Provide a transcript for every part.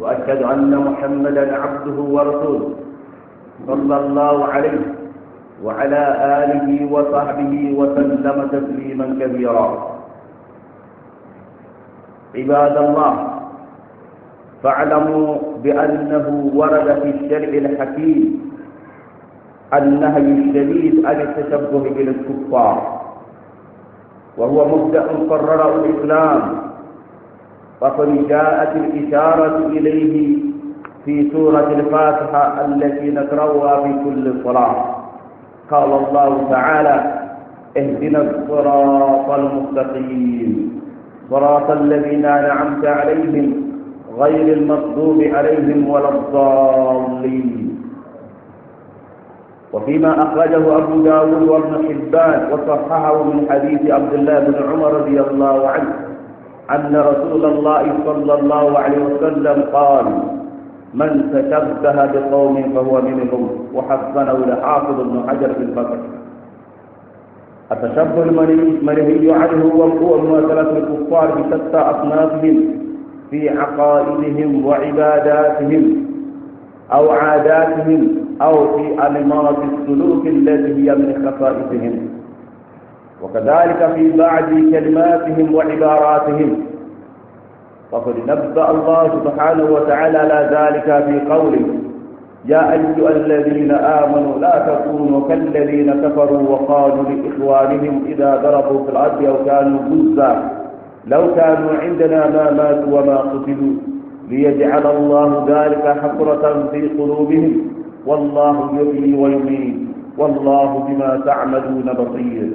وأشهد أن محمدا عبده ورسوله صلى الله عليه وعلى آله وصحبه وسلم تسليما كبيرا عباد الله فاعلموا بأنه ورد في الشرع الحكيم النهي الشديد عن التشبه بالكفار وهو مبدأ قرره الإسلام وقد جاءت الإشارة إليه في سورة الفاتحة التي نقرأها في كل صلاة قال الله تعالى اهدنا الصراط المستقيم صراط الذين أنعمت عليهم غير المغضوب عليهم ولا الضالين وفيما أخرجه أبو داود وابن حبان وصححه من حديث عبد الله بن عمر رضي الله عنه أن رسول الله صلى الله عليه وسلم قال من تشبه بقوم فهو منهم وحسنه لحافظ ابن حجر في الفتح التشبه المنهي عنه هو مماثلة الكفار بشتى أصنافهم في عقائدهم وعباداتهم أو عاداتهم أو في أنماط السلوك التي هي من خصائصهم وكذلك في بعض كلماتهم وعباراتهم فقد نبأ الله سبحانه وتعالى على ذلك في قوله يا أيها الذين آمنوا لا تكونوا كالذين كفروا وقالوا لإخوانهم إذا ضربوا في الأرض أو كانوا جزا لو كانوا عندنا ما ماتوا وما قتلوا ليجعل الله ذلك حفرة في قلوبهم والله يحيي ويميت والله بما تعملون بصير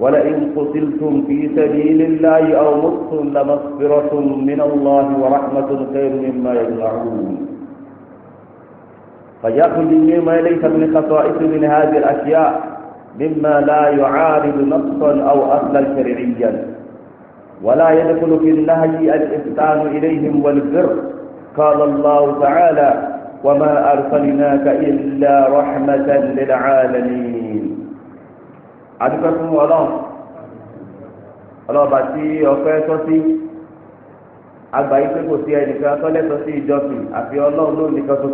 ولئن قتلتم في سبيل الله أو متم لمغفرة من الله ورحمة خير مما يجمعون فيأخذ مما ليس من خصائص من هذه الأشياء مما لا يعارض نصا أو أصلا شرعيا ولا يدخل في النهي الإحسان إليهم والبر قال الله تعالى وما أرسلناك إلا رحمة للعالمين adúpẹ́ fún ọlọ́run ọlọ́ọ̀bà tí ọpẹ́ tọ́ sí àgbà yìí pé kò sí ẹnìkan tọ́lẹ́tọ̀ sí ìjọsìn àfi ọlọ́run ló nìkan pé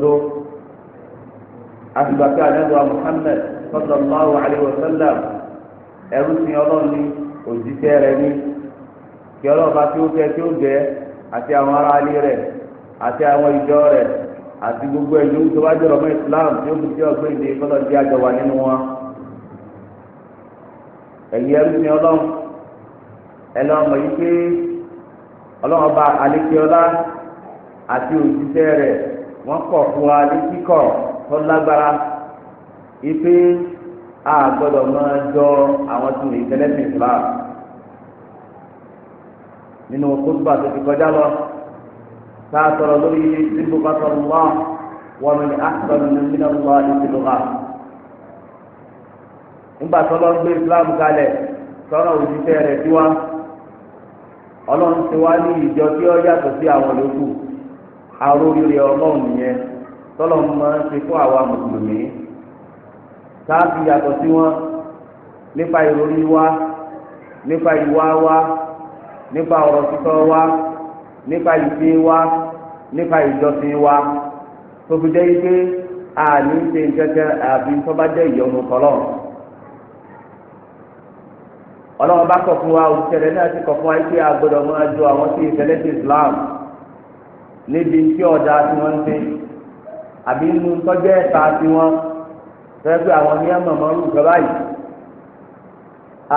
Muhammad sallallahu alaihi wasallam ẹrú sin ọlọ́run ní òjíṣẹ́ rẹ̀ ní kí tí ó tí ó àti àwọn ará alẹ́ àti àwọn ìjọ àti gbogbo ẹ̀yọ́ tó bá mọ́ Islam tí ó fi jẹ́ ọgbẹ́ ìdè ẹ̀yin ẹrú ni ọlọ́run ẹlẹ́ ọmọ yìí pé ọlọ́run ọba alẹ́kẹ́ọ́lá àti òjíṣẹ́ rẹ̀ wọ́n kọ̀ fún wa ní kíkọ̀ tó lágbára ipe a gbọ́dọ̀ máa jọ àwọn tó lè tẹ́lẹ̀sìn Islam nínú kótópà tó ti kọjá lọ tá a sọ̀rọ̀ lórí ìdíbò kátó lọ́wọ́ wọn ni a sọ̀rọ̀ nínú mílíọ̀nù lọ́wọ́ ìdíbò kátó nígbà tó lọ́n gbé islam kalẹ̀ sọ́nà òṣìṣẹ́ rẹ̀ tiwa ọlọ́run ti wá ní ìjọ tí ó yàtọ̀ sí àwọn yòókù aróríire ọlọ́run nìyẹn tọ́lọ̀ máa ń ṣe fún àwa mùsùlùmí sáàfì yàtọ̀ sí wọn nípa ìròrí wa nípa ìwà wa nípa ọ̀rọ̀ sísọ wa nípa ìṣe wa nípa ìjọsìn wa tó fi jẹ́ ike àní ṣe nǹkan kan àbí tó bá jẹ́ ìyọnu kọlọ́run. ọlọ́run bá kọ̀ fún wa òṣìṣẹ́ náà ti kọ̀ fún wa pé a gbọ́dọ̀ máa jọ àwọn tí ìṣẹ̀lẹ̀ ti Islam níbi tí ọ̀dà tí wọ́n ń ṣe àbí inú tọ́jú ẹ̀ta tí wọ́n fẹ́ pé àwọn ní ẹ̀mọ̀ mọ́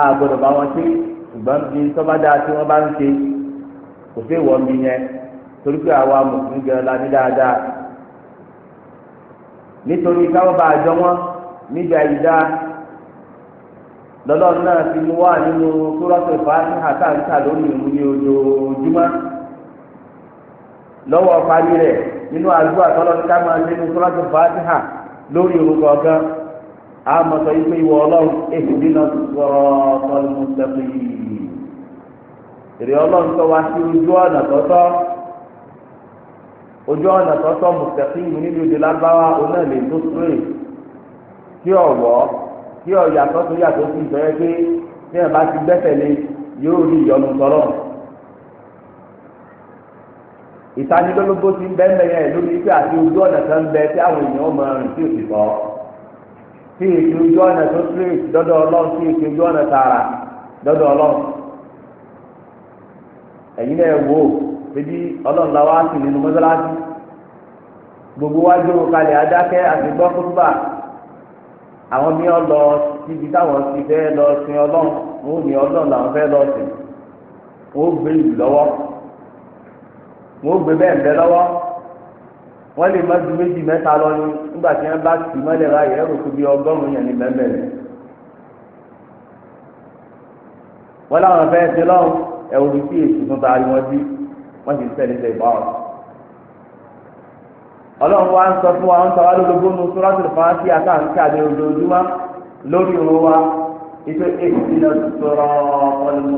a bá wọn ṣe ṣùgbọ́n bí sọ́bádà tí wọ́n bá ń ṣe kò sí ìwọ́n yẹn torí pé àwa mùsùlùmí la ní dáadáa nítorí káwọn bá àjọ wọn lọ́lọ́run náà ti mú wá nínú sórọ́tò fàáṣíhà táǹkà lórí ìlú ní ojoojúmọ́ lọ́wọ́ parí rẹ̀ nínú àdúgbò àtọ́lọ́síká máa nínú sórọ́tò fàáṣíhà lórí ìlú kọ̀ọ̀kan àmọ́ sọ yìí ìwọ ọlọ́run èsì nínú sọ̀rọ̀ mùsùlùmí èrè ọlọ́run tó wá sí ojú ọ̀nà tọ́tọ́ ojú ọ̀nà tọ́tọ́ mùsùlùmí nínú tó ọ̀wọ́ tí ọ̀yàtọ̀ tó yàtọ̀ sí ìtọ́yẹ́ pé tí ẹ̀ bá ti gbẹ́sẹ̀ lé yóò rí ìyọnu sọ̀rọ̀ ìtanilólógó ti ń bẹ́ẹ̀ mẹ́yẹ lórí ipe àti ojú ọ̀nà kan ń bẹ tí àwọn èèyàn mọ rìn tí ò sì kọ́ tí ètò ojú ọ̀nà tó straight dọ́dọ̀ ọlọ́run tí ètò ojú ọ̀nà tààrà dọ́dọ̀ ọlọ́run ẹ̀yin la nínú mọ́sálásí gbogbo wájú kalẹ̀ adákẹ́ àti gbọ́ àwọn mi ọ lọ síbi táwọn ti fẹ́ lọ sin ọlọ́run wọn ò ní ọlọ́run làwọn fẹ́ lọ sìn wọn ò gbé ìlú lọ́wọ́ wọn ò gbé bẹ́ẹ̀ bẹ́ẹ̀ lọ́wọ́ wọ́n lè má ju méjì mẹ́ta lọ ní nígbà tí wọ́n bá tì mọ́lẹ̀ báyìí ẹ̀rù kú bí ọgọ́rùn yẹn ní bẹ́ẹ̀ rẹ̀ wọ́n láwọn ṣe lọ́run ẹ̀wù sí èsì tuntun àríwọ̀n sí wọ́n ti tẹ̀lé tẹ̀ báwọn. ọlọ́run wa ń sọ fún wa ń sọ wá lólobó nu suratul Fatiha àtàǹkà ní ojoojúmọ́ lórí wa ife náà sọ̀rọ̀ ọlọ́run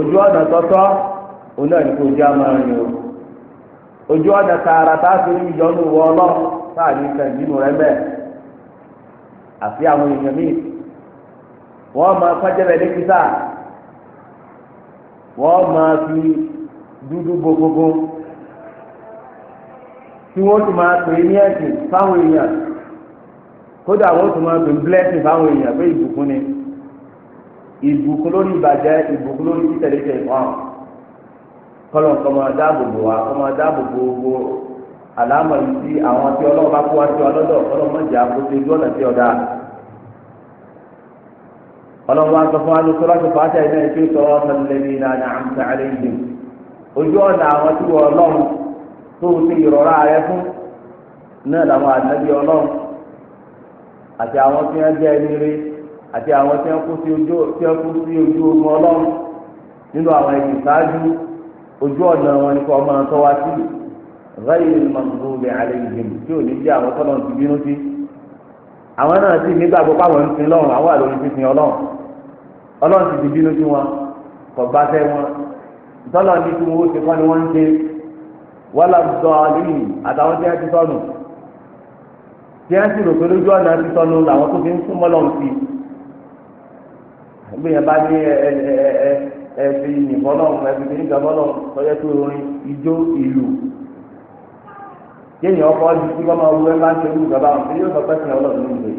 ojú ọ̀nà tọ́tọ́ òun náà ní kò jẹ́ o ojú ọ̀nà tààrà tá a fi rí ìyọnu wọ ọlọ́run tá a rẹ àfi àwọn dúdú gbogbogbò tí wọ́n ti máa pè é ní ẹ̀sìn fáwọn èèyàn kódà wọ́n ti máa pè é blessing fáwọn èèyàn pé ìbùkún ni ìbùkún lórí ìbàjẹ́ ìbùkún lórí títẹ̀lẹ́tẹ̀ ìfọ̀n kọ́lọ̀ kọ́ máa dáàbò bò wá kọ́ máa dáàbò bò gbogbo àlámọ̀ yìí sí àwọn tí ọlọ́run bá kó wá sí kọ́lọ̀ ọ̀nà ọlọ́run ojú ọ̀nà àwọn tí wọ́n ọlọ́run tó o ti rẹ fún náà làwọn ànábì ọlọ́run àti àwọn tí wọ́n jẹ́ ẹni àti àwọn tí wọ́n kú sí ojú tí wọ́n nínú àwọn ẹ̀sìn ṣáájú ojú ọ̀nà wọn ni kò máa tọ́ wá sí ghayril maghdubi alayhim tí ò ní jẹ́ àwọn tọ́lọ̀ ti bínú sí àwọn náà sì ń sin lọ́run àwọn àlọ́ tọ́lọ̀ ní kí wọ́n ó ti kọ́ ni wọ́n ń ṣe wọ́n lọ sọ àtàwọn tí wọ́n ti tí wọ́n rò pé lójú ọ̀nà ti làwọn tó fi ẹ ẹ ẹ ẹ tó rin ijó ìlú wọ́n máa wú ẹ máa ń ṣe irú bàbá wọn fi yóò sọ ọlọ́run ní ìgbè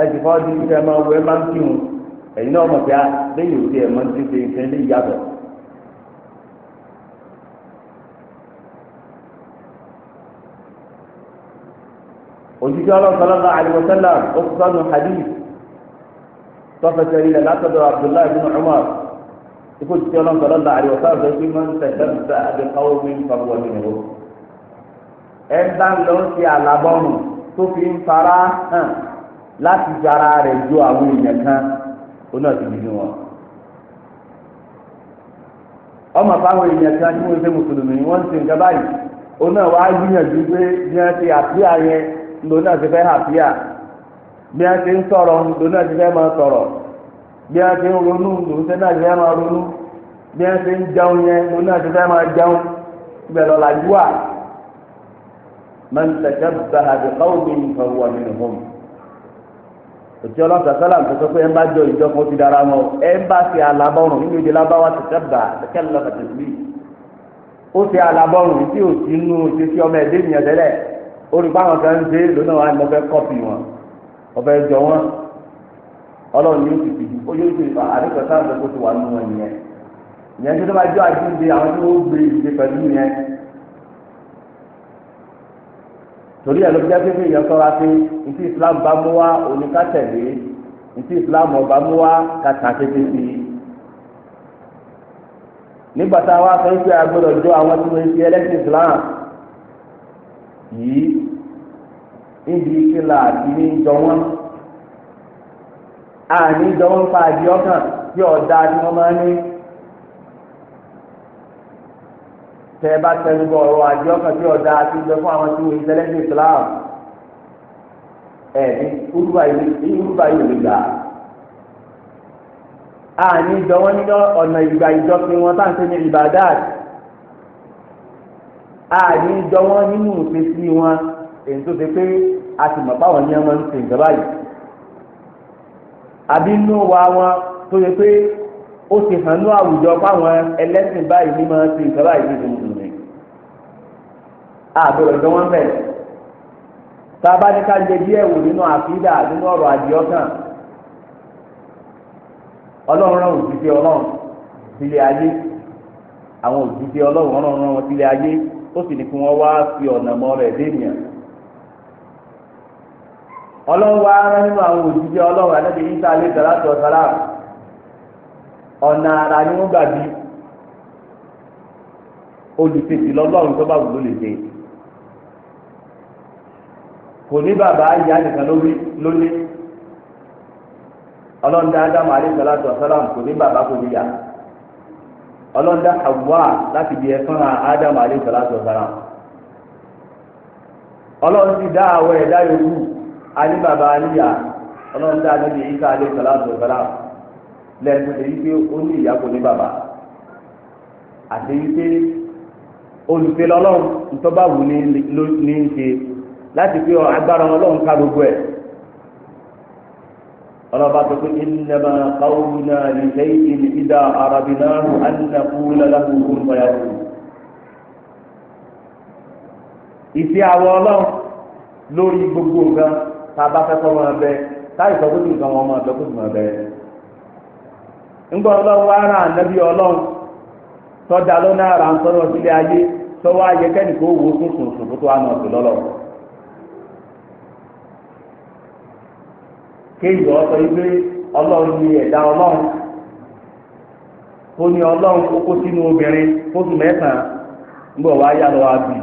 ẹ ti fọ́ ọdún ẹ máa wú ẹ máa ń kírun ẹ̀yin náà mọ̀ pé lẹ́yìn ẹ̀ máa ń ti ṣe òjijì ọlọ́sọlọ́lá àdìmọ́sálà ó kú sọ́nù hadith tọ́fẹsẹ̀ ilẹ̀ látọ̀dọ̀ abdullahi bin umar ikú òjijì ọlọ́sọlọ́lá àdìmọ́sálà sọ pé máa ń tẹ̀sán sa àdìkáwó mi ń fọwọ́ mi nìyó. ẹ bá ń lọ sí alábọ́ọ̀nù tó fi ń fara hàn láti jara rẹ̀ ju àwọn èèyàn kan ó náà ti bínú wọn. ọmọ fáwọn èèyàn kan tí wọ́n ṣe mùsùlùmí wọ́n ń ṣe nǹkan báyìí ó náà wá gbìyànjú pé bí wọ́n ṣe àfihàn yẹn lòun náà ti fẹ́ hàpíà bí wọ́n ti ń sọ̀rọ̀ lòun náà ti fẹ́ máa sọ̀rọ̀ bí wọ́n ti ń ronú lòun náà ti fẹ́ máa ronú bí wọ́n ti ń jẹun yẹn lòun náà ti fẹ́ máa jẹun ibẹ̀ lọ́la yú à mẹ́tẹ̀kẹ́ bàhà bí káwọ́bí nǹkan wà nínú hom òtí ọlọ́sà sálàm tó sọ pé ẹ bá jọ ìjọ kan ti dára mọ́ ẹ bá ti àlàbọ̀rùn nínú ìdílé abáwá tẹ̀tẹ̀ bà tẹ̀kẹ́ lọ́sà olùkọ́ àwọn kan ń ṣe lónà wa ni wọ́n fẹ́ kọ́pì wọn wọ́n fẹ́ jọ wọn ọlọ́run yóò ti fi ó yóò ti fa àdéhùn sáà fẹ́ kó ti wà nínú wọn nìyẹn ìyẹn tó tó bá jọ àjíǹde àwọn tí wọ́n gbé ìdè pẹ̀lú yẹn torí ẹ̀ ló fi jáde fún ìyẹn sọ́ra pé ntí Islam bá mú wá oníkàtẹ̀lé ntí Islam ọba mú wá kàtà kékeré sí i nígbà tá a wá fẹ́ fi àgbọ̀dọ̀ jọ àwọn tí wọ́n ti ẹlẹ́sìn Islam yìí níbi ìkìlà àti ní jọ wọn àní jọ wọn pa àdí ọkàn tí ọ̀dà tí wọ́n máa ń ní. tẹ ẹ bá tẹnu bọ ọ̀rọ̀ àjẹ ọkàn tí ọdá ti ń bẹ fún àwọn tí wọn ìtẹlẹsì islam ẹ ní urúbà yìí urúbà yìí lè gbà á ní ní ọ̀nà ìgbà ìjọ pé wọn tá à ń ṣe ní ibadat àní jọ wọn nínú ìpèsè wọn èyí tó ṣe pé a sì mọ̀ báwọn ní ọmọ ń ṣe nǹkan báyìí àbí inú wa wọn tó ṣe pé ó ti hàn ní àwùjọ fáwọn ẹlẹ́sìn báyìí ní máa ń ṣe nǹkan báyìí nínú ìlú àbúrò jọ wọn bẹ́ẹ̀ tá a bá ní ká lè díẹ̀ wò nínú àfídà nínú ọ̀rọ̀ àdìọ́kàn ọlọ́run rán òjijì ọlọ́run sílé ayé àwọn òjijì ọlọ́run rán wọn sílé ayé ó sì ní kí wọ́n wá fi ọ̀nà mọ́ rẹ̀ dénìyàn ọlọ́run ara nínú àwọn òjijì ọlọ́run ànábi yíṣà lè dàrá tó sára ọ̀nà ara ni wọ́n gbà bí olùfèsì lọ́lọ́run tó bá wù ló lè kò ní bàbá ìyá nìkan lónìí ọlọ́run ọlọ́dà Hawa láti bí ẹ̀fọ́n Ádámù alayhi salatu wa salam dá àwọn ẹ̀dá yòókù alí alíyà ọlọ́run níbi Ìsá alayhi onye wa lẹ́nu tó pé ó ní ìyá ní bàbá àti yí pé wù ọlọ́ba tó pé ìnàmà káwùnà ìṣe na ìdá arabinà ànàkúlẹ̀ lákòókò nǹkọ̀yàwó. ìfẹ́ àwọn ọlọ́run lórí gbogbo nǹkan tá a bá bẹ sọ nǹkan wọn máa bẹ. ọlọ́run wá ànábì ọlọ́run tọ́jà lọ́nà àrà ń sọ́nà sílé ayé tọ́wọ́ sùn sùn tó wà náà sí lọ́lọ́run. kéèyàn ọsọ ibé ọlọ́run ni ẹ̀dá ọlọ́run ó ní ọlọ́run kókó sínú obìnrin fóṣù mẹ́sàn-án ńgbọ̀ wá yá lọ́wọ́ àbí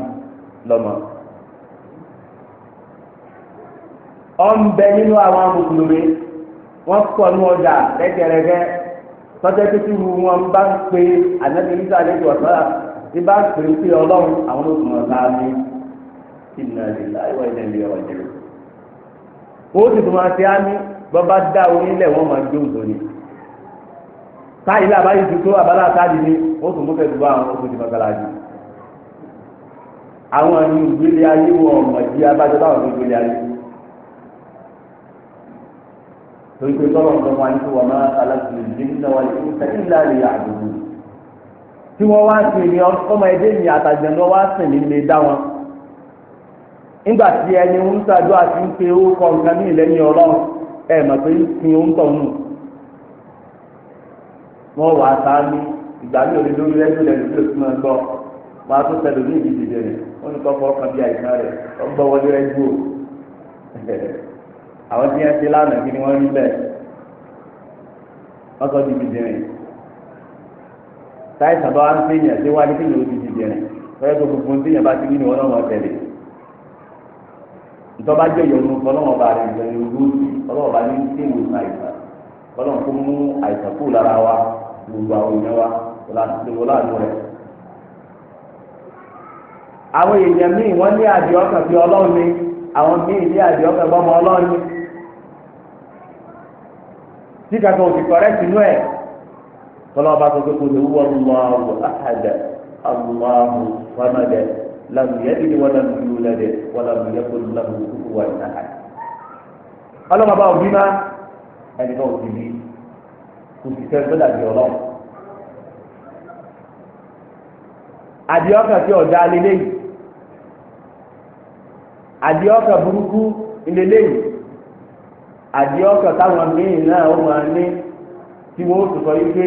lọ́mọ. ọ̀nbẹ nínú àwọn mùsùlùmí wọ́n pọ̀ ní ọjà lẹ́gẹ̀rẹ́gẹ́ títí wọn bá ń pe nígbà lẹ́jọ́ ọ̀sọ́ra tí bá ń pè é ó sì tún máa ṣe á ní bọ́bá dá onílẹ̀ wọ́n máa gbé òdò ni táyì lábáyé ti tó abala àtàdì ni ó tún mú fẹ́ àwọn oṣù tìmọ̀ gbàlájì àwọn ẹni ìgbélé ayé wọn ọ̀mọ̀ jí abájọ báwọn ìgbélé ayé torí pé tọ́lọ̀ ń lọ́wọ́ ayé tó wà máa aláṣẹ ìdílé náà wáyé ní sẹ́yìn láàrin àdúgbò tí wọ́n wá sí ni ọmọ ẹdẹ ni àtàjẹ́ lọ́wọ́ á sìn nílé dá wọn. nígbà tí ẹni ń sàdó àti ń pe orúkọ nǹkan ní ìlẹ́yìn ọlọ́run ń wọ́n wà ní ìgbà lórí ti máa gbọ́ wọ́n á tún sẹ́dọ̀ ní ìdíje rẹ̀ wọ́n ní kọ́kọ́ kan bí àìsàn rẹ̀ gbọ́ ni wọ́n rí bẹ́ẹ̀ wọ́n sọ ìdíje rẹ̀ táyì sábà wá ń pè yàn tí wọ́n kí ni ó ìtọ́ba jẹ́ ìyọnu ọlọ́wọ́n bá rẹ̀ ìgbẹ́ ìlú ọlọ́wọ́n bá ní sí ìwòsàn àìsàn kó mú àìsàn kúrò lára wa gbogbo àwọn èèyàn wa lọ́wọ́ láàánú rẹ̀. àwọn èèyàn míì wọ́n ní ọkàn bí ọlọ́run ni àwọn míì ní ọkàn bí ọmọ ọlọ́run ni. tí òfin kọ̀rẹ́ sínú ẹ̀ tó tó kó lè ولده ولم يكن له كفوا احد ọlọ́mọ bá òbí má ẹni náà òbí mi kò sì fẹ́ gbọ́dọ̀ àbí ọlọ́run àbí ọkàn tí ọ̀dà lélẹ́yìn àbí ọkàn burúkú lélẹ́yìn àbí ọkàn táwọn míì náà ó máa ní tí wọ́n tún sọ yìí pé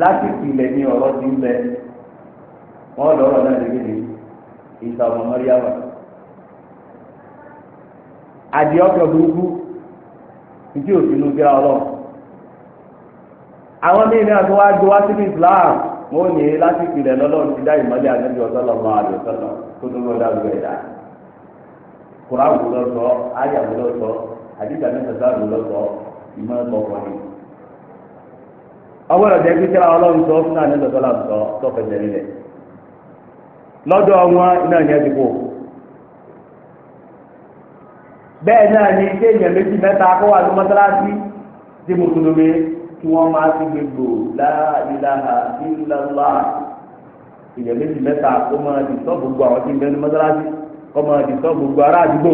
lásìkò ilẹ̀ ni ọ̀rọ̀ ti ń bẹ wọ́n lọ́rọ̀ náà lé kéde ìsà ọmọ mọ́ríyàwó àdìẹ ọkọ̀ burúkú ntí òsínú gbéra ọlọ́run àwọn míì náà tó wá jó wá Islam ní láti ìpìlẹ̀ lọ́lọ́run ti dá ìmọ́lẹ̀ àdébí ọ̀sọ́lọ́ mọ́ àdé ọ̀sọ́lọ́ tó tó lọ́ọ́ dárú ẹ̀dá kura wò sọ ayé wò àdìgbà mẹ́ta ìmọ̀ ẹ̀kọ́ kọ́ ni ọlọ́run sọ fún àdébí ọ̀sọ́lọ́ tó nílẹ̀ lọ́dọ̀ wọn iná ní ẹ̀dìbò bẹ́ẹ̀ náà ni ilé èèyàn méjì mẹ́ta kó wà ní mọ́sálásí tí mùsùlùmí tí wọ́n máa ti gbogbo la ilaha illallah méjì mẹ́ta kó máa di sọ́ gbogbo àwọn tí ń bẹ ní mọ́sálásí máa di sọ́ gbogbo ará àdúgbò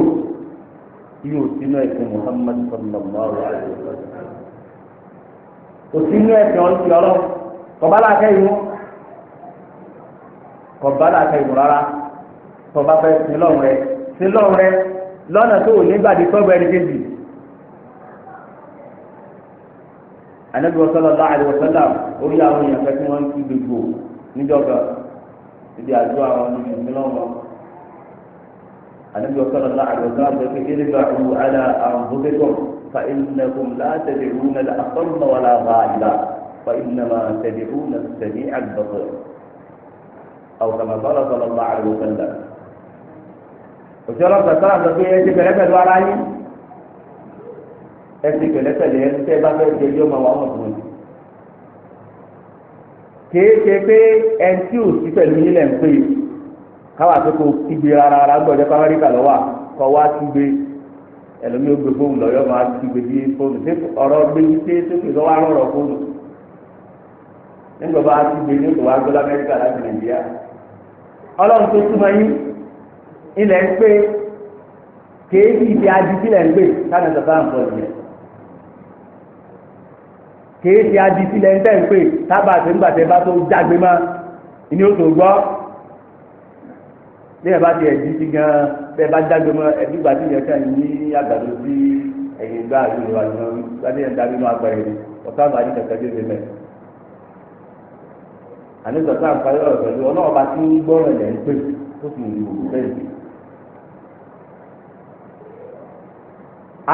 yóò sínú ẹ̀sìn Muhammad sallallahu kọba la ka ìmọ̀ rárá tọba fẹ́ sin lọ́run rẹ sin lọ́run rẹ lọ́nà tó o nígbà tí tọ́gbà ẹni kejì. anabi sallallahu alaihi wasallam orí àwọn èèyàn fẹ́ kí wọ́n kí gbogbo níjọba ibi àjọ àwọn ènìyàn lọ́wọ́ anabi sallallahu alaihi wasallam fẹ́ kí irigba ọ̀hún ala àwọn bókẹ́tọ̀ fa innakum la tẹ̀lé ìhùn náà lọ́wọ́ la bá a yìlá fa innama tẹ̀lé ìhùn náà tẹ̀lé àgbàkọ̀. أو كما قال صلى الله عليه وسلم òtí ọlọ́pàá sọ́ra sọ pé ẹtí pẹ̀lẹ́pẹ̀lú ara yín ẹtí pẹ̀lẹ́pẹ̀lẹ́ ẹni tẹ́ bá fẹ́ẹ́ tẹ́lẹ̀ ọmọ wa wọ̀n fún mi. kìí ṣe pé ẹni tí ò sí pẹ̀lú yín lẹ̀ ń pè káwá tó kó kígbe ara ara gbọ́dọ̀ pé amẹ́ríkà lọ́wọ́ kọ́ wá kígbe ẹlòmíì ó gbé fóònù lọ́yọ́ máa kígbe bí fóònù ṣé ọ̀rọ̀ gbé yín ṣé sókè lọ́wọ́ arọ̀rọ̀ fóònù nígbà bá kígbe ní ọlọ́run tó túmọ̀ yín ilẹ̀ ń pé kéèdì ibi adìsílẹ̀ ń gbé sáni sọ̀tà ń pọ̀ jù kéèdì adìsílẹ̀ ń tẹ̀ ń pé sábà tó ń gbàtẹ́ bá tó jágbe mọ́ ìní ó tó gbọ́ bí ẹ bá ti ẹ̀dí sí gan bí ẹ bá jágbe mọ́ ẹbí gbàtí ìyẹn kàn ní àgbàdo sí ẹ̀yìn gbá àdúgbò wa ní wọn gbàtí ọ̀tá àgbàdo kẹ̀kẹ́ bí àníṣe ọ̀sán àǹfààní ọ̀rọ̀ pẹ̀lú ọlọ́ọ̀bá tí ń gbọ́ rẹ̀ ń pè ó sì ń wò bẹ́ẹ̀.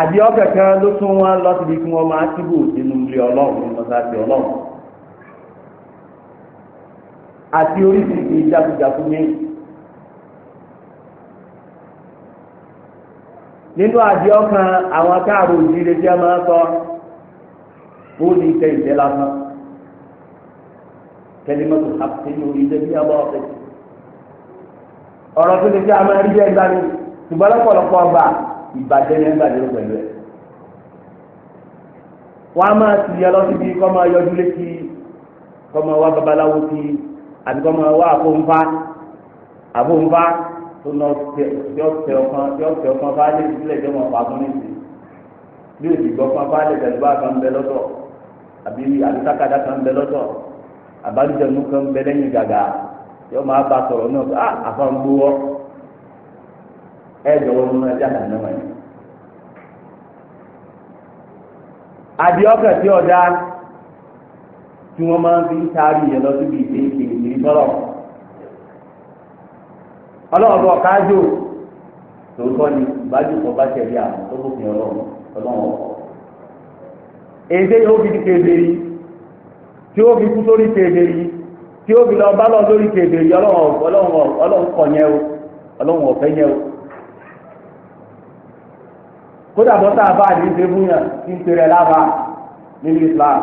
àbí ọkẹ kan ló tún wọn lọ síbi kí wọn máa tìbò sínú ilé ọlọ́run ní ọlọ́run àti oríṣiríṣi jákujàku mi. nínú àwọn kẹlímọ̀tò àtẹ̀yìn orí ilé bí abọ́ ọ̀fẹ́. ọ̀rọ̀ tó ti fi àmọ́ ẹ̀rí bẹ́ẹ̀ gbani ṣùgbọ́n lọ́pọ̀lọpọ̀ ọba ìbàjẹ́ ni ẹ̀ ń bàjẹ́ pẹ̀lú ẹ̀. wọ́n á máa ti yẹ lọ síbi kọ́ máa yọjú létí kọ́ máa wá babaláwo ti àti kọ́ máa wá àfóńfá àfóńfá tó lọ tẹ ọkàn tẹ ọkàn bá lè sílẹ̀ tẹ́ wọn pàtó níbi bí òsì gbọ́ kan bá lè tẹ̀lé kan bẹ lọ́tọ̀ àbí àbí sákàdá kan bẹ lọ́tọ̀ àbálùjẹnu kan bẹ lẹ́yìn gàgà yọ máa bá sọ̀rọ̀ náà pé ah àfa ń gbówọ́ ẹ jọ̀wọ́ nínú ẹja náà náà yẹn. àdìọ́kẹ̀ tí ọ̀dà tí wọ́n máa ń fi ń taari yẹn lọ síbi ìdè ìdè tòótọ́ ni ìbájú kan bá tẹ̀lé àwọn tó bófin èdè yóò fi tí ó fi kú sórí kéde yìí tí ó fi lọ bá lọ sórí kéde yìí ọlọ́run kọ̀ yẹn o ọlọ́run ọ̀fẹ́ yẹn o kódà bọ́ tá a bá àdéhùn ṣe fún yàn tí ń tẹ̀rẹ̀ lába nínú Islam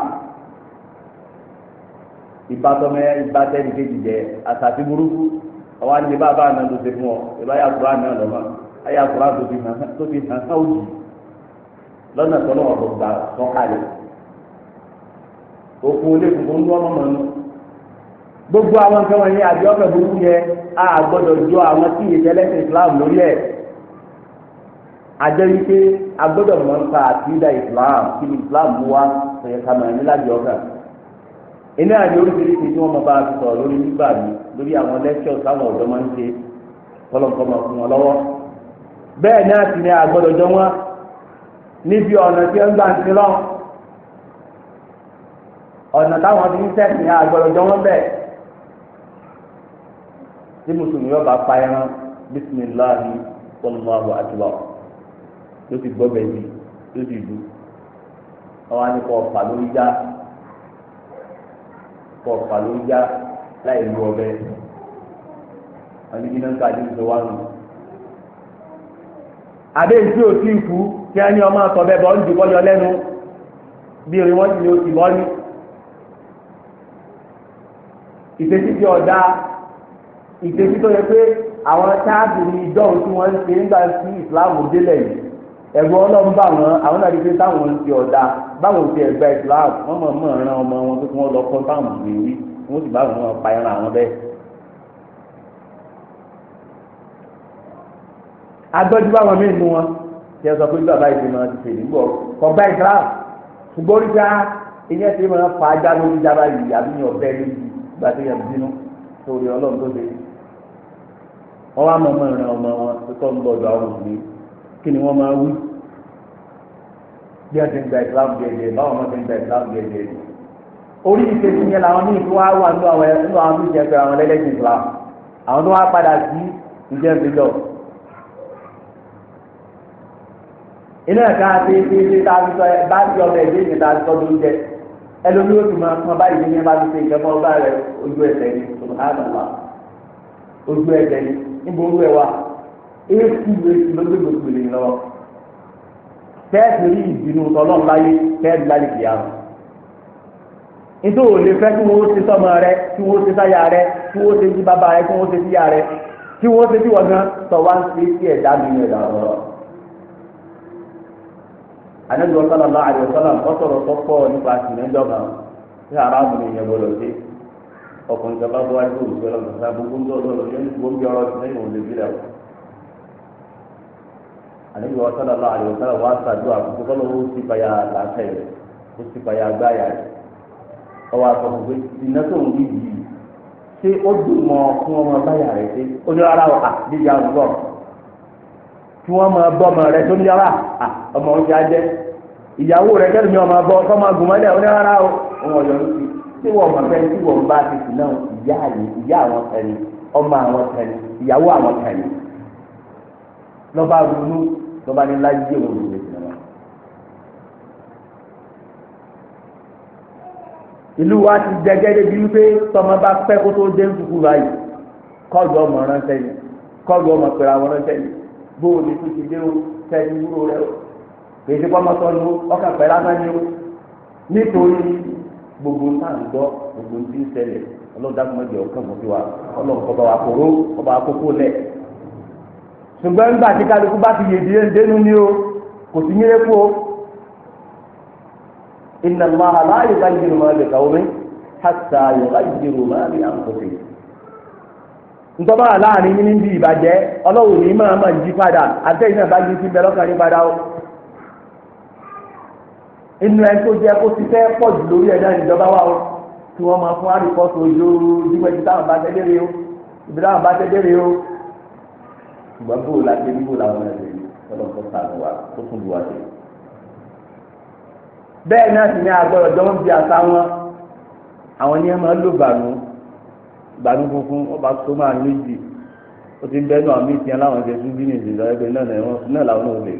ìbátọ́mẹ́ ìbátẹ́ni kejì jẹ àtàtì burúkú àwọn àti ìbá bá àná tó ṣe fún ọ ìbá yà kúrò àná lọ́wọ́ ayé àkúrò àti tó fi hàn sáwùjì lọ́nà tọ́lọ́wọ́ tó gbà sọ́kalẹ̀. òkú olé gbogbo ń ọmọ mọmọ nù gbogbo àwọn nǹkan wọ̀nyí àbí ọkọ burúkú yẹ a gbọ́dọ̀ jọ àwọn tí islam lórí wípé a gbọ́dọ̀ mọ̀ islam kí islam wá iná oríṣiríṣi bá a sọ̀rọ̀ lórí nígbà mi lórí àwọn lectures táwọn ọ̀dọ́ máa ń ṣe máa fún wọn ọ̀nà táwọn ti ya sẹ́sìn yẹn àgbọ̀lọ̀jọ́ wọn bẹ̀. tí mùsùlùmí yóò bá pa ẹran bisimilahi wàlúwàlú àtúwà ló ti gbọ́ bẹ́ẹ̀ bí ló ti dù àwọn anìkọ̀ ọ̀pá lórí já kọ̀ ọ̀pá lórí já láì lu ọbẹ̀ àdìgí náà ń àdìgí tó nù. kí á ní ọmọ àtọ̀bẹ̀ bọ́ ń dìbọ́ ìgbésí tí ọ̀dà ìgbésí tó yẹ pé àwọn táàbù ní ìdọ́rùn tí wọ́n ń ṣe nígbà tí ìsìláàmù délẹ̀ yìí ẹ̀rù ọlọ́run bá wọn àwọn náà rí pé táwọn ń ṣe ọ̀dà báwọn ti ẹ̀gbà ìsìláàmù wọ́n mọ̀ mọ́ ọ̀ràn ọmọ wọn pé kí wọ́n lọ kọ́ táwọn ìwé wí wọ́n sì bá wọn pa ẹran àwọn bẹ́ẹ̀. agbọ́jú báwọn míì mú wọn tí ẹ sọ pé bàbá ìdìmọ̀ ti fèrè gbọ́ kọ́ bá ìsìláàmù ṣùgbọ́n oríṣà ìyẹn ti máa fa ajá lórí jábá yìí àbí ní ọ̀bẹ lójú gbàdé yẹn bínú torí ọlọ́run tó dé wọ́n wá mọ̀mọ́ ìran ọmọ wọn tó ń bọ̀ ọ̀dọ̀ àwọn òbí kí ni wọ́n máa wí bí wọ́n ti ń gba ìsìlámù gẹ̀ẹ́gẹ́ báwọn ọmọ ti ń gba ìsìlámù gẹ̀ẹ́gẹ́ orí ìṣèṣin yẹn làwọn míì tó wá wà nínú àwọn nínú àwọn míì pé àwọn ẹlẹ́sìn ìsìlámù àwọn tó wá padà sí ìjẹ́ ìbílọ̀ iná ẹ̀ka ṣe ṣe ṣe tá a fi bá ti ọmọ ẹ̀dẹ́ ẹlòmí o tún máa kàn báyìí ní ẹbá gbèsè ìjọba ọba rẹ ojú ẹsẹ̀ ni subhanallah ojú ẹsẹ̀ ni níbo olú ẹ wa éèkì éèkì ló gbégbé gbèlè lọ tẹ́ẹ̀sì rí ìdùnnú tọ́lọ́n láyé tẹ́ẹ̀sì láyé kìyàmù nítorí òòlè fẹ́ kí wọ́n ṣe sọ́mọ rẹ kí wọ́n ṣe sáyà rẹ kí wọ́n ṣe sí bàbá rẹ kí wọ́n ṣe síyà rẹ kí wọ́n ṣe sí wọ́n gan tọ́ wá ń ṣe sí ẹ̀dá mi ní ẹ̀dá ọ̀rọ̀ anabi wa sallallahu alayhi wa sallam ọsọrọ kọkọ nípa sinẹ jọba tí arabu ni yẹ gbọ́dọ̀ sí ọkùnrin tó bá bọ wájú olùgbé lọ nípa gbogbo ń dọdọ lọ yẹn gbogbo ń bí ọ̀rọ̀ sinẹ yìí ò lè bí lẹ o anabi wa sallallahu alayhi wa sallam wà sàdó àkókò kọlọ ó sì bàyà làákà yẹ ó sì bàyà gbáyà yẹ ọwọ́ àtọkù pé sinẹ tó ń bí yìí ṣé ó dùn mọ́ fún ọmọ báyà rẹ ṣe ó ní rárá o à bíbí àwọn bọ kí wọ́n máa bọ́ ọmọ rẹ tó ní yàrá ọmọ oúnjẹ ajẹ ìyàwó rẹ kẹ́lùmí ọmọ abọ́ kọ́ máa gùn mọ́lẹ̀ onírárá o òun ọ̀yọ́ ń fi tí wọ́n mọ̀ fẹ́ tí wọ́n bá ti sùn náà ìyá àyè ìyá àwọn tẹ̀lé ọmọ àwọn tẹ̀lé ìyàwó àwọn tẹ̀lé lọ́ba ronú lọ́ba ní láyé òun lè sìn wọn. ìlú wa ti jẹgẹ́ débi wípé tọmọ bá pẹ́ kó tó dé ń tukú báyìí kọ́ọ̀dù ọmọ ránṣẹ́ kọ́ọ̀dù ọmọ pèrè àwọn ránṣẹ́ bóò ní tuntun lé o tẹ́lẹ̀ wúro rẹ o kèsì pọ́mọ́tọ́ ni o ọkàn pẹ̀lú ni o nítorí gbogbo ń gbọ́ gbogbo ń ti ń ṣẹlẹ̀ ọlọ́dàgbọ́mọdé ọkàn mọ́tò wa ọlọ́kọ̀ọ́bà wa kòró ọba àkókò lẹ̀ ṣùgbọ́n nígbà tí kálukú bá ti ni o kò sí nyere kú o ntọ́ba wà láàrin yín níbi ìbàjẹ́ ọlọ́run ní máa máa jí padà àtẹ̀yìn náà bá jí sí bẹ́ẹ̀ lọ́kàn yín padà o. inú ẹ tó jẹ́ kó ti fẹ́ pọ̀ jù lórí ẹ̀ náà níjọba wa o tí wọ́n máa fún àríkọ́sọ ojoojúmọ́ ibi táwọn bá tẹ́lẹ̀ rè o ibi bá tẹ́lẹ̀ rè o. ṣùgbọ́n bó o la ṣe bí bó làwọn ẹ̀ lè ọlọ́kọ̀ sànù wa tó tún lu wa gbanú funfun ọba tó máa méjì ó ti ń bẹ́ẹ̀ náà mí tiẹ́ láwọn ṣe tún bínú ìṣèjọ ẹgbẹ́ náà náà làwọn náà lè.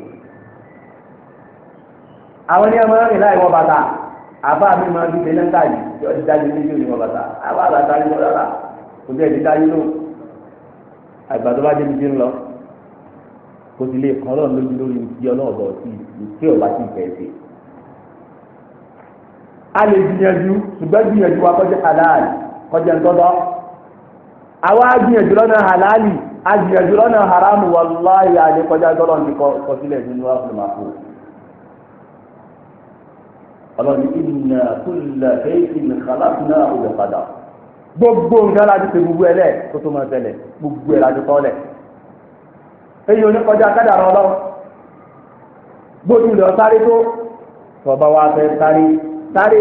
àwọn ní ọmọ rìn láì wọ bàtà àbá mi máa ń gbé lẹ́ńtà yìí tí ọtí dájú méjì òní wọ bàtà àbá bàtà yìí wọ́n rárá kò dé ẹ̀dí dájú lò àgbà tó bá débi dé ń lọ kò sì lè kàn lọ́ọ̀ lójú lórí ti ọlọ́ọ̀bọ̀ sí ìké ọ̀bá sí ìfẹ̀ẹ́sì. a lè gbìyànjú ṣùgbọ́n gbìyànjú wa kọjá àdáàlì kọjá ń àwa agbìyànjú lọ́nà halali agbìyànjú lọ́nà haramu wàláyé àdékọjá tọ́lọ́ ti kọ sílẹ̀ nínú àfọlùmọ́fò. ọlọ́ni ìnà kúlẹ̀ fẹ́ẹ́kì nìkàlá fúnà òdòpadà gbogbo nǹkan láti ṣe gbogbo ẹ̀ kó tó máa gbogbo ẹ̀ láti kọ́ gbójú lọ sáré tó tọba wa sáré sáré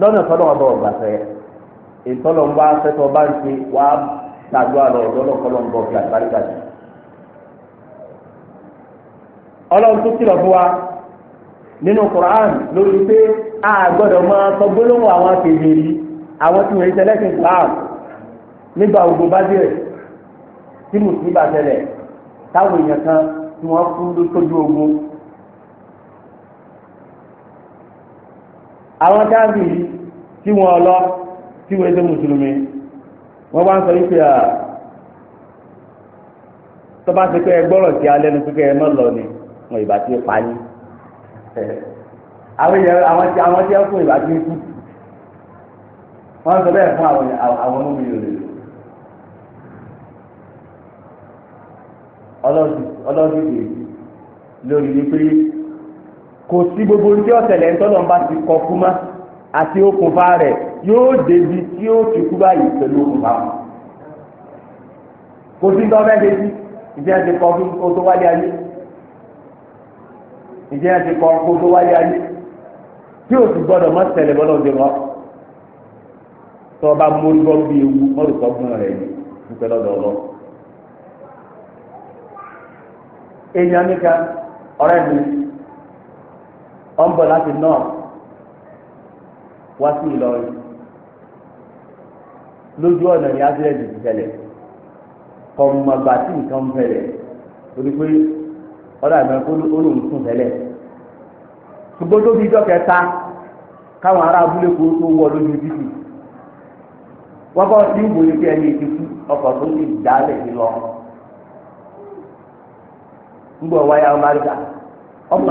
lọ́nà tọ́lọ́ ọba ọba fẹ́ ìtọ́lọ́ ń bá fẹ́tọ́ bá ń ṣe wá àlọ́ ń bọ̀ fi àgbáríkà jù. ọlọ́run tó kìlọ̀ fún wa nínú Quran lórí pé a gbọ́dọ̀ máa sọ gbólóhùn àwọn kèfèrí àwọn tí àwọn káàbì tí wọ́n lọ tí wọ́n ṣe mùsùlùmí wọ́n bá ń sọ wípé à tó bá ti pé ẹ gbọ́rọ̀ sí alẹ́ nu pípẹ́ ẹ mọ́ lọ ni wọn ìbá ti pa ní. àwọn èèyàn àwọn tí àwọn tí ẹ fún ìbá ti kú wọ́n sọ bẹ́ẹ̀ fún àwọn àwọn ọmọ mi lòlè. ọlọ́ọ̀dì ọlọ́ọ̀dì lórí kò sí gbogbo tí ọ̀sẹ̀lẹ̀ ńtọ́lọ́ bá ti kọ kú mọ́ àti okùnfà rẹ̀ yóò débi tí ó ti kú báyìí pẹ̀lú okùnfà wọn. kò sí ńtọ́ bẹ́ẹ̀ létí ìdí ẹ̀ ti kọ kó tó wáyé ayé ìdí ẹ̀ ti kọ kó tó wáyé ayé tí o sì gbọ́dọ̀ mọ́ ṣẹlẹ̀ bọ́dọ̀ ti rọ tó o bá mórí bọ́ bí ewu mọ́lùkọ́ fún rẹ̀ yìí nípa lọ́dọ̀ ọlọ́ èèyàn nìkan ọ̀rẹ́ mi. ọ̀ ń bọ̀ láti náà wá sí Ìlọrin lójú ọ̀nà ní ásírẹ́ǹtì ti kọ̀ọ̀mọ̀gbà tí nǹkan ń fẹlẹ̀ torí pé ọ̀dà ìgbà olóhùn sùn fẹlẹ̀ ṣùgbọ́n tó fi ijọ́ kẹta káwọn ará abúlé kó tó wọ lójú títì wọ́n kọ́ sí ìwòye kí ẹni ti kú ọkọ̀ tó ti dálẹ̀ lọ wáyà ọmọ ọmọ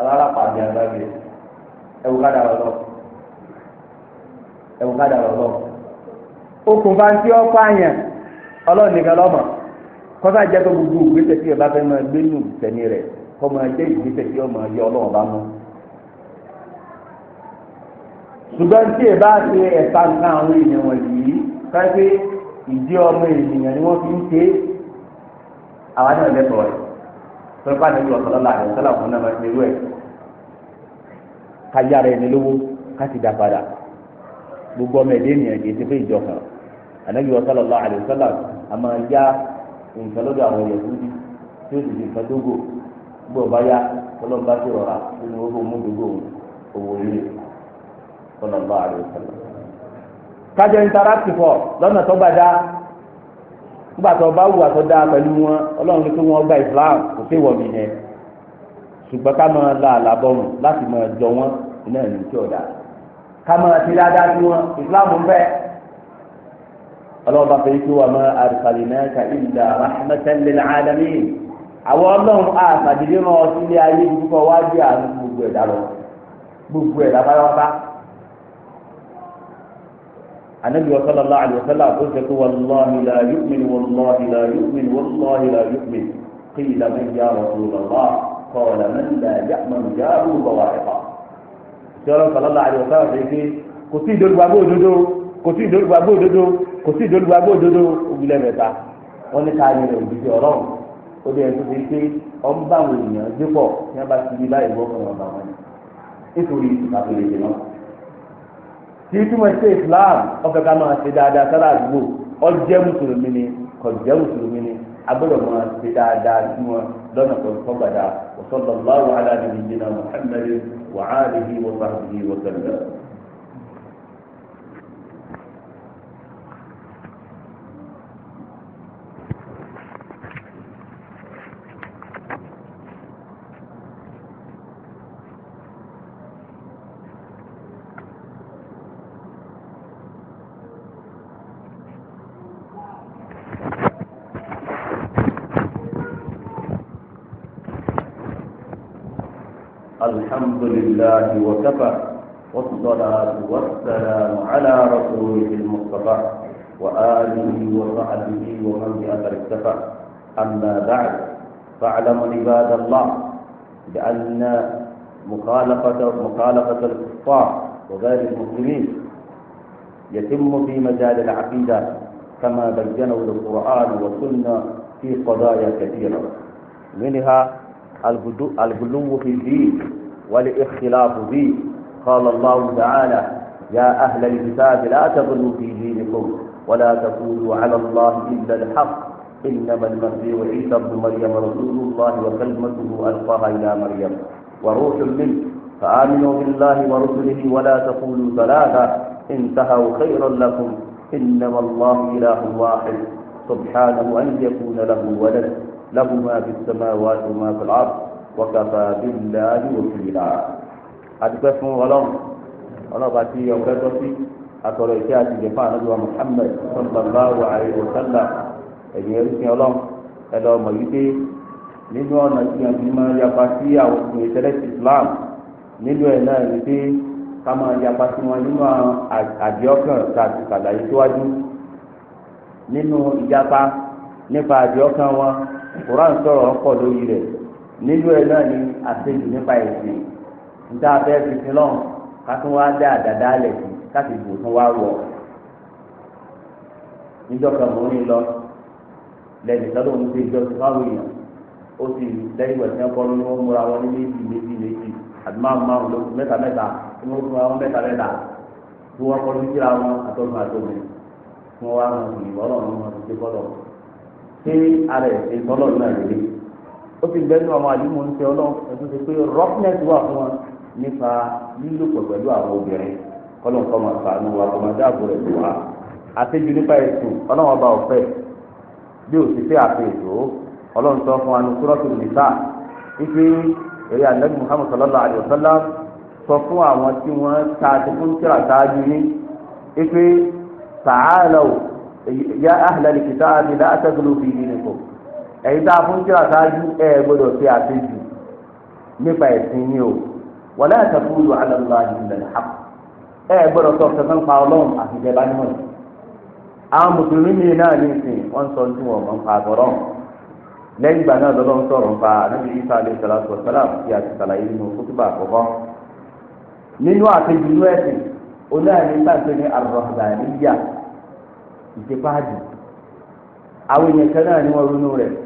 alára pàdé àgbàgbé ẹwù ká dàrọ lọ ẹwù ká dàrọ lọ. okùn bá ń tí ọkọ àyàn ọlọ́run nìkan gbogbo ìgbésẹ̀ tí ẹ bá fẹ́ máa gbé nù sẹ́ni rẹ̀ kọ́ máa jẹ́ ìgbésẹ̀ tí ọmọ yọ ọlọ́run bá mú. ṣùgbọ́n tí ẹ bá ṣe ẹ̀ka nǹkan àwọn ìdí ni fi ń tó ń bá níbi ọ̀sọ̀lọ́lá rẹ̀ sọ́lá fún náà máa ń irú ẹ̀ ká yára ẹni lówó ká sì dá padà gbogbo ọmọ ẹ̀dẹ́ ènìyàn kì í ti fẹ́ ìjọ kan ànábi ọ̀sọ̀lọ́lá rẹ̀ sọ́lá a máa yá nǹkan lọ́dọ̀ àwọn yẹ̀wúdí tí ó sì fi nǹkan dógò gbọ́ ọba yá ọlọ́run bá ti rọra nínú owó mú dógò owó ilé ọlọ́run bá rẹ̀ kájọ interact fọ lọ́nà tó gbàdá nígbà tó bá wù àtọ́ dáa pẹ̀lú wọn ọlọ́run ní kí wọ́n gba islam kò sí wọ̀ mí yẹn ṣùgbọ́n ká máa la àlàbọ̀rùn láti máa jọ wọn iná ìlú tí ọ̀dà ká máa ti dáadáa sí wọn islam ń bẹ ọlọ́ba fẹ́ kí wọ́n máa arsalinaka illa rahmatan lil alamin àwọn ọlọ́run àtàdídé náà sílé ayé ìdúkọ̀ wájú àrùn gbogbo ẹ̀dá lọ gbogbo ẹ̀dá pátápátá anabi wa sallallahu alayhi wa sallam ó sọ pé wàlláhi la yu'min wàlláhi la yu'min wàlláhi la yu'min qila man ya rasulallah qala man la ya'man jáàbù bọ̀wá ẹ̀fà. sọ̀rọ̀ sallallahu alayhi wa sallam ṣe pé kò sí ìdólúgbàgbó òdodo kò sí ìdólúgbàgbó òdodo kò sí ìdólúgbàgbó òdodo ògùlẹ̀ mẹ́ta wọ́n ní káyọ̀ rẹ̀ òdìdí ọ̀rọ̀ ó dé ẹ̀sùn fi pé ọ̀n bá àwọn èèyàn dépọ̀ tí wọ́n bá ti di báyìí wọ́n kàn wọ́n bá wọn ni nítorí ìtàkùn lè dè náà tí túmọ̀ sí islam ọ̀fẹ́ ká máa ṣe dáadáa sára àdúgbò ọjẹ́ mùsùlùmí ni kọjẹ́ mùsùlùmí ni agbọ́dọ̀ máa ṣe dáadáa sí wọn lọ́nà pọ̀lùpọ̀gbàdà wa sallallahu ala nabiyyina Muhammadin wa alihi wa sahbihi wa sallam. الحمد لله وكفى والصلاة والسلام على رسوله المصطفى وآله وصحبه ومن بأثر اكتفى أما بعد فاعلموا عباد الله بأن مخالفة مخالفة الكفار وغير المسلمين يتم في مجال العقيدة كما بينه القرآن والسنة في قضايا كثيرة منها الغلو في الدين والاختلاف به قال الله تعالى يا أهل الكتاب لا تغلوا في دينكم ولا تقولوا على الله إلا الحق إنما المسيح عيسى ابن مريم رسول الله وكلمته ألقاها إلى مريم وروح منه فآمنوا بالله ورسله ولا تقولوا ثلاثة انتهوا خيرا لكم إنما الله إله واحد سبحانه أن يكون له ولد له ما في السماوات وما في الأرض wọ́kàtà bíbélà àdìwòkìlà adúpẹ́ fún ọlọ́run ọlọ́ba tí ọ̀pẹ́ tọ́ sí atọ̀rọ̀ ìṣe àti ìjẹ̀fà ànábìwá Muhammad sallallahu alaihi wasallam ẹ̀yìn ẹ̀rúsìn ọlọ́run ẹ̀lọ́ ọmọ yìí dé nínú ọ̀nà tí a ti máa yapa sí àwọn òkùnrin tẹ́lẹ̀ sí Islam nínú ẹ̀ náà ni pé ká máa yapa sí wọn nínú àdìọ́kàn tàbí kàdáyé síwájú nínú ìyapa nípa àdìọ́kàn wọn Quran sọ̀rọ̀ ọkọ̀ lórí rẹ̀ nínú ẹ náà ni àṣejù nípa ẹ̀sìn níta abẹ́ fífi lọ́hùn ká tún wá dá àdàdà alẹ̀ sí káti bò tún wá wọ̀ níjọba mòrin lọ lẹ́yìn sọ́dọ̀ ń gbé ìjọ fáwọn èèyàn ó sì lẹ́yìn ìwẹ̀ tí wọ́n kọ́ ló ń múra wọn ní méjì méjì méjì àti márùn márùn lóṣù mẹ́ta mẹ́ta tí wọ́n múra wọn mẹ́ta mẹ́ta tí wọ́n kọ́ ló ń kíra wọn àtọ́nu àtọ́nu tí wọ́n wá wọn kì í wọ́n lọ́run wọn ti dé kọ́lọ̀ ṣé ara ẹ̀ ṣe kọ́lọ̀ náà lélẹ́yìn ó ti bẹ́ẹ̀ ní ọmọ àdúgbò ń tẹ ọlọ́run ẹ̀sùn ti pé roughness wà fún wọn nípa lílòpọ̀ pẹ̀lú àwọn obìnrin kọ́lọ́n kọ́ máa fàánù wa kọ́ máa dáàbò rẹ̀ lù wá àtẹ́jú nípa ètò ọlọ́run ọba ọ̀fẹ́ bí ó ti fẹ́ àfi ètò ọlọ́run sọ fún wa ní Suratul Nisa wípé èrè ànábì Muhammad sallallahu alayhi wa sallam sọ fún àwọn tí wọ́n ta ti fún kíra sáájú ní wípé ta'alaw ya ahlal kitabi la taglu fi dinikum ẹ̀yin tá a fún tíra ṣáájú ẹ gbọ́dọ̀ fi nípa ẹ̀sìn o wọlé àtàkùrù àlọ́lá ìlẹ̀ ha ẹ gbọ́dọ̀ sọ kankan pa ọlọ́run àti ìjẹba níwọ̀n àwọn mùsùlùmí mi náà ní ìsìn wọ́n sọ tí wọ́n mọ̀ ń pa lẹ́yìn ìgbà náà ń sọ̀rọ̀ ń pa isa alayhi salatu wa salam a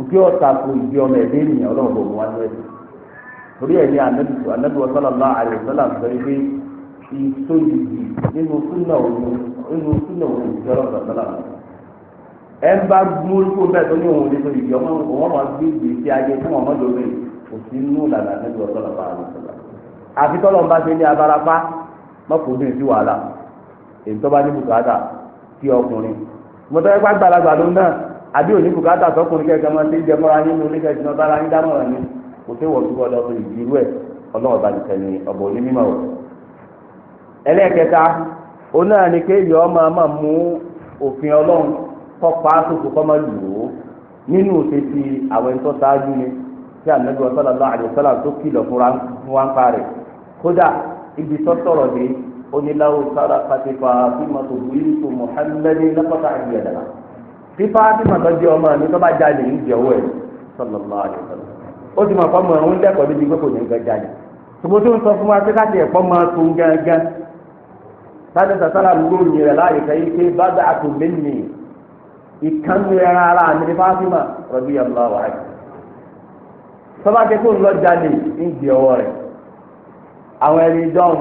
nkí ọ̀tà kò ìdí ọmọ ẹ̀dẹ́ ènìyàn ọlọ́run bò wọ́n ní ẹ̀dẹ́ torí ẹ̀ ní anábìtú anábìwọ̀ sọ́lọ́lá àlùsọ́lá sọ́rí pé ìtò ìdí nínú súnà òun nínú súnà òun ìdí ọlọ́run sọ́lá ẹ̀ ń bá gbórí kó bẹ́ẹ̀ tó ní òun ní tó ọmọ òun máa gbé ìdí sí ayé fún ọmọ lórí kò sí nínú ìlànà anábìwọ̀ sọ́lọ́lá àlùsọ́lá àbí òní bùkátà tọkùnrin kẹkẹ máa ti ń jẹmọra nínú oníkẹ jìnnà bára ń dámọ̀ràn ni kò sí wọ́n dúró lọ fún ìdírú ẹ̀ ọlọ́wọ́ bá nìkan ni ọ̀bọ onímọ̀ wọ̀. ẹlẹ́ẹ̀kẹta òun náà kéèyàn ọmọ máa mú òfin ọlọ́run kọ́ pa kọ́ máa lò ó nínú àwọn ẹ̀ńtọ́ sáájú ni tí ànágbé àdìsọ́là tó kìlọ̀ fún wa ń tí Fátímà tó jẹ́ ọmọ mi tó bá jáde ń jẹ owó ẹ̀ sallallahu alaihi wasallam ó ti mọ̀ fọ́mọ ọ̀hún lẹ́kọ̀ọ́ níbi pé kò ní gan jáde ṣùgbọ́n tó ń sọ fún wa pé káṣí ẹ̀kọ́ máa tó gángan sáde sàtàlà ló ń yẹrẹ láàyè kan yìí pé bàbá àtòmí ni ìkànnì ẹran ara mi ní Fátímà radiyallahu anha tọ́ba jẹ́ kó ń lọ jáde ń jẹ owó rẹ̀ àwọn ẹni dán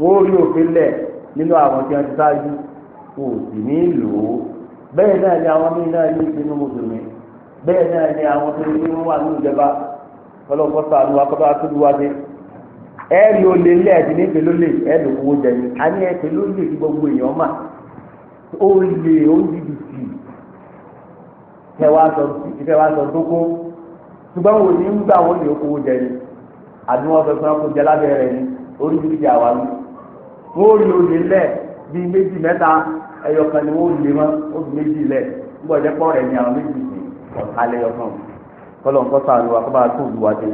wọ́n rí òfin lẹ̀ nínú àwọn tí wọ́n ti sáájú kò sì ní lò ó bẹ́ẹ̀ náà ni àwọn míì náà ní ìpinnu mùsùlùmí bẹ́ẹ̀ náà ni àwọn tó ní wọ́n wà ní ìjọba ọlọ́pọ̀ sàánú akọ́tọ́ akéwì wá dé ẹ̀rí olè lé ẹ̀dì ní ìpè lólè ẹ̀lò owó jẹni a ní ẹ̀pè lólè kí gbogbo èèyàn mà ó lè ó ń jìbìtì tẹwàá sọ tó kó ṣùgbọ́n wò ní gbà wọ́n lè kówó jẹni àbí wọ́n sọ pé wọ́n jẹ lábẹ́ rẹ̀ ni ẹyọkan ni wọ́n lè mọ́ ó fi méjì lẹ̀ nígbà jẹ́ pọ́ rẹ̀ ni àwọn méjì sì ọ̀tá lẹ́yọkan kọ́lọ̀ ń kọ́sà àlùwà kọ́ bá tó olùwà dé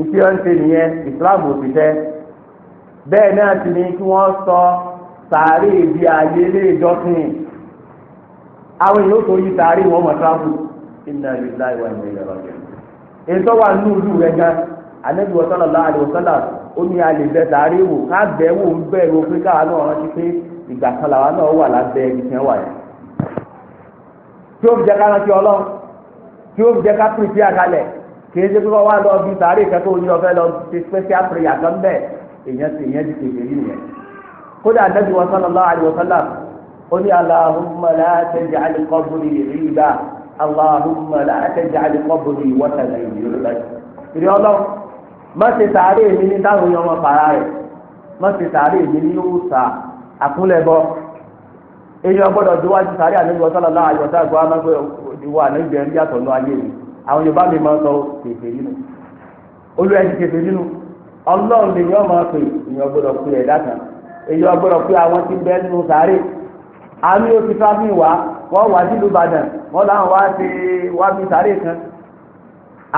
ìṣe ń ṣe nìyẹn ìsìláàmù ti fẹ́ bẹ́ẹ̀ náà ti ní kí wọ́n sọ sàárè ibi ààyè ilé ìjọsìn àwọn èèyàn tó yí sàárè wọn mọ̀ sáfù iná ilé láì wá ìwé ìyàrá rẹ̀ èyí tó wà nínú ìlú rẹ̀ gan Ànábì sallallahu alaihi wasallam ó ní a lè bẹ sàárè wò ká bẹ̀ wò ń bẹ̀rù pé káà náà rántí pé ìgbà kan làwa náà wà lábẹ́ ibi tí wọ́n wà yẹn tí ó fi jẹ́ ká rántí ọlọ́run tí ó fi jẹ́ ká pèsè àkálẹ̀ kì í ṣe pé wọ́n wá lọ bí sàárè kẹ́kọ̀ọ́ oní ọ̀fẹ́ lọ ṣe special prayer kan bẹ́ẹ̀ èèyàn ti èèyàn ti tètè yìí yẹn kódà Ànábì wa sallallahu alaihi wa sallam ó ní Allahumma la taj'al qabri riba ní táwọn èèyàn wọn pàrà rẹ̀ má ṣe ní ó àkúnlẹ̀bọ èèyàn gbọ́dọ̀ díwájú sáré àlejò ọ̀sán lọ́la àyọ̀tá ẹ̀gbọ́n amágbé ìwà àlejò ẹ̀rí yàtọ̀ lọ ayé mi àwọn Yorùbá mi máa ń sọ kèfè nínú olú ẹni kèfè nínú Ọlọ́run lè yàn máa pè èèyàn gbọ́dọ̀ pè ẹ̀dá kan èèyàn gbọ́dọ̀ pé àwọn tí bẹ́ẹ̀ nínú àmì ti fáfin wá wọ́n wá wọ́n láwọn wá sí wá bí kan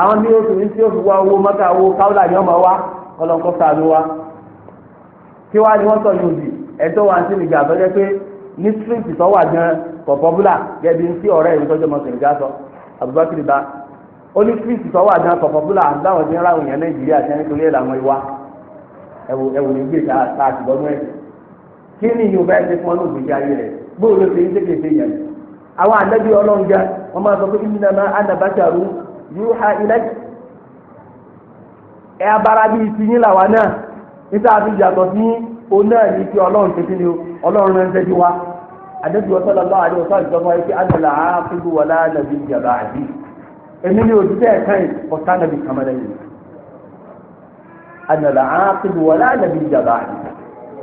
àwọn oṣù tí ó fi wá ẹjọ́ wa ń Senegal àtọ́jẹ́ pé ní street tó wà gan kò popular gẹ́gẹ́ bí ọ̀rẹ́ ìlú tọ́jú sọ Abubakar ba ó ní street tó wà gan kò popular ti ń ra òyìn Nàìjíríà tí ń ẹ̀ làwọn ìwà ní gbé kí ni yóò bẹ́ẹ̀ fún ògbèjì ayé ṣe ń tẹ́kẹ̀ ṣe yẹn àwọn ànábì wọ́n máa sọ pé ha ilẹ̀ Ẹ o náà ní kí ọlọ́run ṣe kíni o ọlọ́run rẹ̀ ń tẹ́jú wa àdébí wọ́n sọ́dọ̀ bá àdébí wọ́n sọ́dọ̀ ìjọba yìí pé àgbàlá àkúgbò wà lánàbí ìjàmbá àbí èmi ni òṣìṣẹ́ ẹ̀ka yìí ọ̀tá nàbí kàmẹ́rẹ́ yìí àgbàlá àkúgbò wà lánàbí ìjàmbá àbí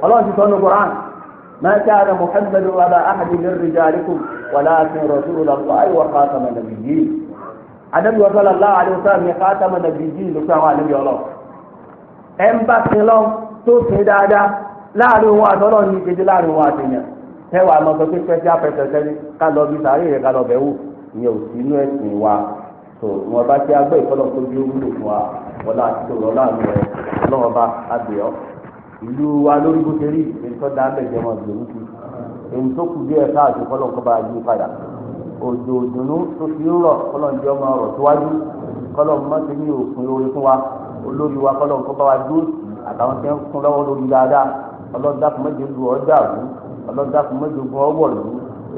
ọlọ́run ti sọ ní koran máa ká ara muhammadu ala ahadi min bá àdébí wọ́n sọ́dọ̀ khatama nabiyyin ló fẹ́ ẹ̀ ń bá sin lọ tó sin dáadáa láàrin òun àtọ́lọ́ ní ìkejì láàrin òun àtẹ̀yàn tẹ́wàá lọ sọ pé pẹ́ẹ́sì afẹ́sẹ̀sẹ́ ní ká lọ bí sàárè rẹ̀ ká lọ bẹ̀ wò ìyẹn ò sí inú ẹ̀sìn wa tó wọn bá ti agbẹ́ ìfọlọ́ tó bí ó wúlò fún wa wọn láti tó lọ láàrin rẹ̀ lọ́wọ́ bá abẹ́ ọ́ ìlú wa lórí bó ṣe rí ètò dáńbẹ̀jẹ̀ wọn gbèrú sí èyí tó kù díẹ̀ káàtó fọlọ́ kọ́ bá yí padà òjò òdùnnú tó fi ń rọ̀ kọ́lọ̀ ń jẹ́ ọmọ ọ̀rọ̀ síwájú kọ́lọ̀ mọ́ ti ní òpin orin fún wa olórí wa kọ́lọ̀ ń kọ́ bá wa dúró àtàwọn tí ń kún lọ́wọ́ lórí dáadáa ọlọ́dàkùn mẹ́jọ lu ọjà wù ọlọ́dàkùn mẹ́jọ bu ọwọ́ lù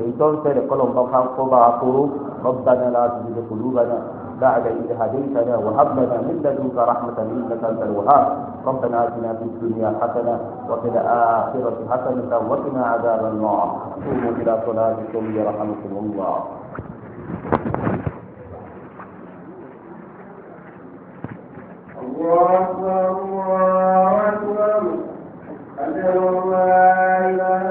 èyí tó ń ṣẹlẹ̀ kọ́lọ̀ nǹkan kan kó bá a kóró ربنا لا تزغ قلوبنا بعد إذ هديتنا وهب لنا من لدنك رحمة إنك أنت الوهاب ربنا آتنا في الدنيا حسنة وفي الآخرة حسنة وقنا عذاب النار قوموا إلى صلاتكم يرحمكم الله الله أكبر الله أكبر أشهد أن لا إله